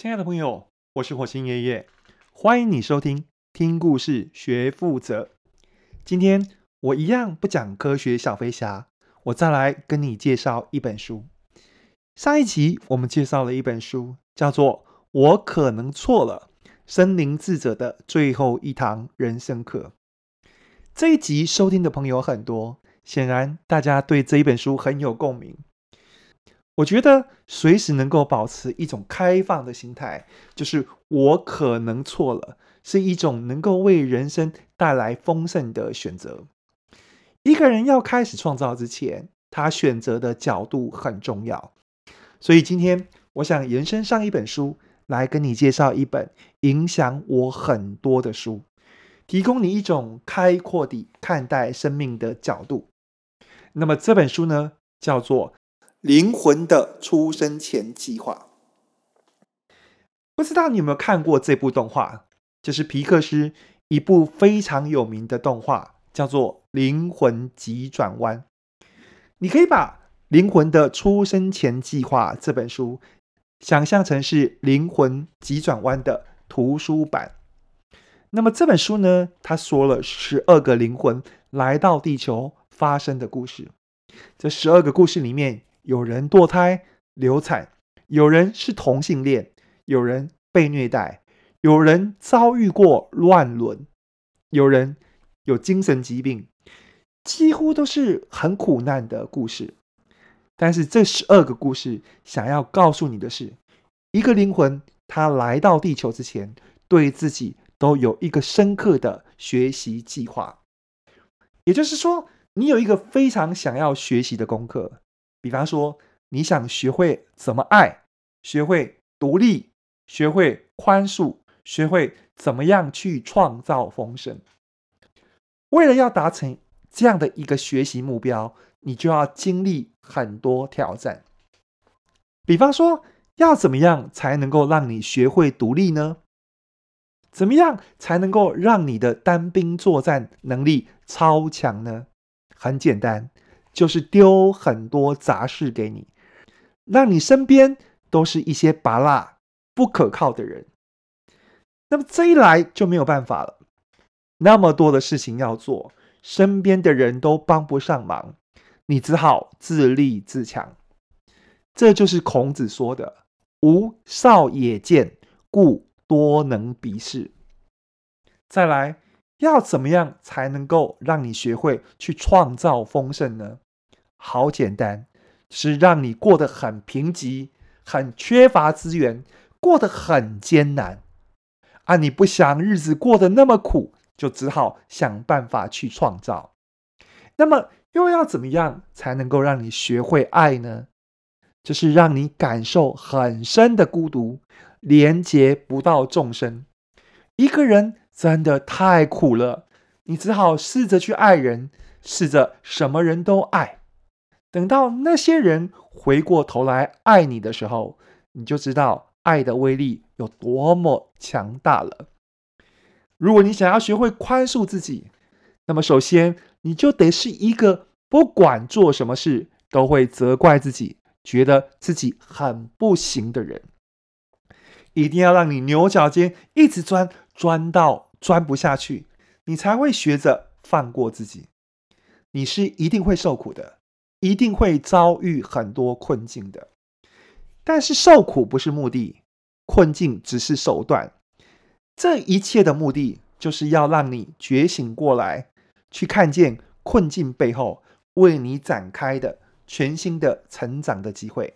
親愛的朋友，我是火星爺爺，歡迎你收聽《聽故事學富擇》。今天我一樣不講科學小飛俠，我再來跟你介紹一本書。上一集我們介紹了一本書，叫做《我可能錯了：森林智者的最後一堂人生課》。這一集收聽的朋友很多，顯然大家對這一本書很有共鳴。我覺得隨時能夠保持一種開放的心態，就是我可能錯了，是一種能夠為人生帶來豐盛的選擇。一個人要開始創造之前，他選擇的角度很重要。所以今天我想延伸上一本書，來跟你介紹一本影響我很多的書，提供你一種開闊的看待生命的角度。那麼這本書呢，叫做。靈魂的出生前計劃，不知道你有沒有看過這部動畫，就是皮克斯一部非常有名的動畫，叫做《靈魂急轉彎》。你可以把《靈魂的出生前計劃》這本書想象成是《靈魂急轉彎》的圖書版。那麼這本書呢，它說了十二個靈魂來到地球發生的故事，這十二個故事裡面。有人墮胎流產，有人是同性戀，有人被虐待，有人遭遇過亂倫，有人有精神疾病，幾乎都是很苦難的故事。但是這十二個故事想要告訴你的是，一個靈魂他來到地球之前，對自己都有一個深刻的學習計劃，也就是說，你有一個非常想要學習的功課。比方說，你想學會怎麼愛，學會獨立，學會寬恕，學會怎麼樣去創造豐盛。為了要達成這樣的一個學習目標，你就要經歷很多挑戰。比方說，要怎麼樣才能夠讓你學會獨立呢？怎麼樣才能夠讓你的單兵作戰能力超強呢？很簡單。就是丟很多雜事給你，讓你身邊都是一些拔辣不可靠的人。那麼這一來就沒有辦法了，那麼多的事情要做，身邊的人都幫不上忙，你只好自立自強。這就是孔子說的“吾少也賤，故多能鄙事”。再來。要怎麼樣才能夠讓你學會去創造豐盛呢？好簡單，是讓你過得很貧瘠、很缺乏資源，過得很艱難啊！你不想日子過得那麼苦，就只好想辦法去創造。那麼又要怎麼樣才能夠讓你學會愛呢？就是讓你感受很深的孤獨，連接不到眾生，一個人。真的太苦了，你只好試着去愛人，試着什麼人都愛。等到那些人回過頭來愛你的時候，你就知道愛的威力有多麼強大了。如果你想要學會寬恕自己，那麼首先你就得是一個不管做什麼事都會責怪自己，覺得自己很不行的人。一定要讓你牛角尖一直鑽，鑽到，鑽不下去，你才會學着放過自己。你是一定會受苦的，一定會遭遇很多困境的。但是受苦不是目的，困境只是手段。這一切的目的就是要讓你覺醒過來，去看見困境背後為你展開的全新的成長的機會。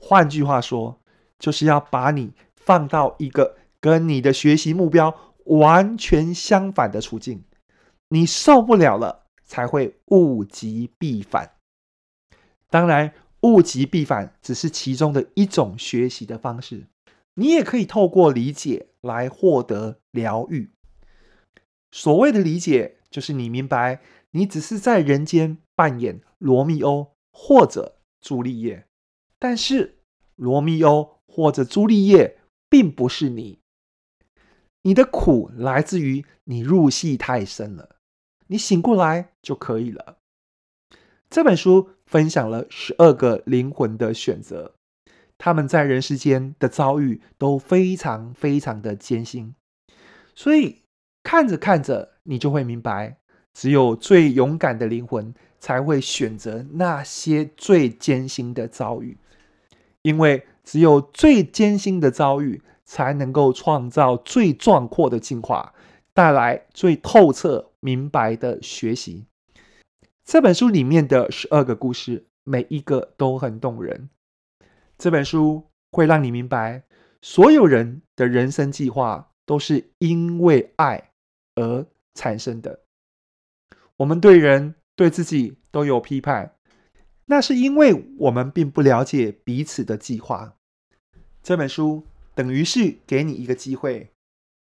換句話說，就是要把你放到一個跟你的學習目標，完全相反的處境，你受不了了，才會物極必反。當然，物極必反只是其中的一種學習的方式，你也可以透過理解來獲得療癒。所謂的理解，就是你明白，你只是在人間扮演羅密歐或者朱麗葉，但是羅密歐或者朱麗葉並不是你。你的苦來自於你入戲太深了，你醒過來就可以了。這本書分享了十二個靈魂的選擇，他們在人世間的遭遇都非常非常的艱辛，所以看着看着，你就會明白，只有最勇敢的靈魂才會選擇那些最艱辛的遭遇，因為只有最艱辛的遭遇。才能夠創造最壯闊的進化，帶來最透徹明白的學習。這本書裡面的十二個故事，每一個都很動人。這本書會讓你明白，所有人的人生計劃都是因為愛而產生的。我們對人、對自己都有批判，那是因為我們並不了解彼此的計劃。這本書，等於是給你一個機會，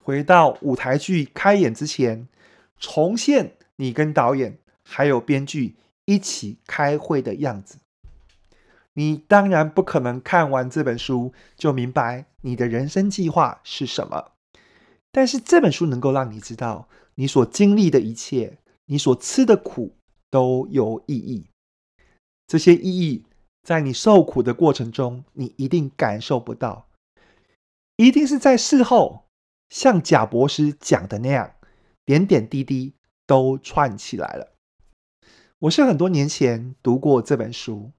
回到舞台劇開演之前，重現你跟導演還有編劇一起開會的樣子。你當然不可能看完這本書就明白你的人生計劃是什麼，但是這本書能夠讓你知道，你所經歷的一切，你所吃的苦都有意義。這些意義在你受苦的過程中，你一定感受不到。一定是在事後，像賈博士講的那樣，點點滴滴都串起來了。我是很多年前讀過這本書，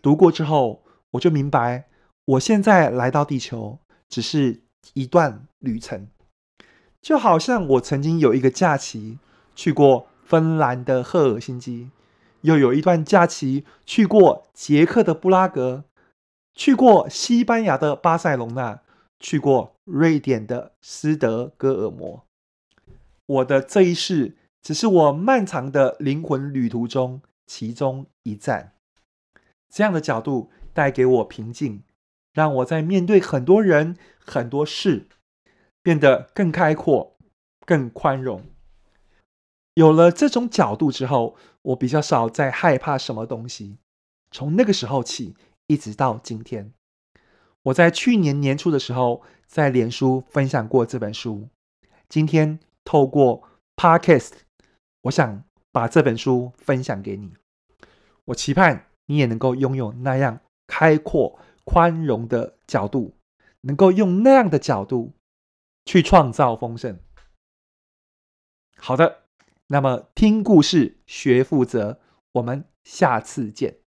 讀過之後，我就明白，我現在來到地球只是一段旅程，就好像我曾經有一個假期去過芬蘭的赫爾辛基，又有一段假期去過捷克的布拉格，去過西班牙的巴塞隆納。去過瑞典的斯德哥爾摩，我的這一世只是我漫長的靈魂旅途中其中一站。這樣的角度帶給我平靜，讓我在面對很多人、很多事，變得更開闊、更寬容。有了這種角度之後，我比較少再害怕什麼東西。從那個時候起，一直到今天。我在去年年初的時候，在臉書分享過這本書。今天透過 Podcast，我想把這本書分享給你。我期盼你也能夠擁有那樣開闊、寬容的角度，能夠用那樣的角度去創造豐盛。好的，那麼聽故事學富擇，我們下次見。